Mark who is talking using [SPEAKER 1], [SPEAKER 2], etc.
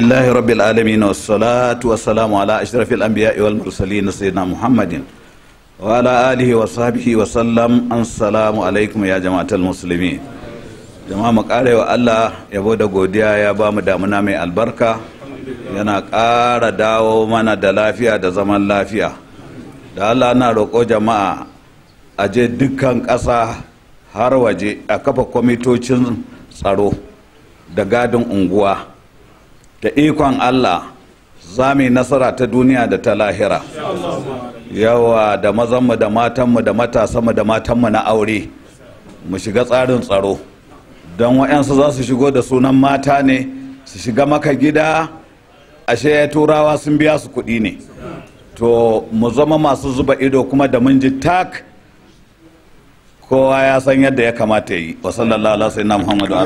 [SPEAKER 1] الله رب العالمين والصلاة والسلام على أشرف الأنبياء والمرسلين سيدنا محمد وعلى آله وصحبه وسلم السلام عليكم يا جماعة المسلمين jama'a mu ƙare wa Allah yabo da godiya ya ba mu damuna mai albarka yana ƙara dawo mana da lafiya da zaman lafiya da Allah na roƙo jama'a a je dukkan ƙasa har waje a kafa kwamitocin tsaro da gadin unguwa da ikon allah za mu yi nasara ta duniya da ta lahira yawa da mazanmu da matanmu da matasanmu da matanmu na aure mu shiga tsarin tsaro don wayansu za su shigo da sunan mata ne su shiga maka gida ashe ya turawa sun biya su kuɗi ne to mu zama masu zuba ido kuma da mun ji tak kowa ya san yadda ya kamata yi
[SPEAKER 2] wa sai na muhammadu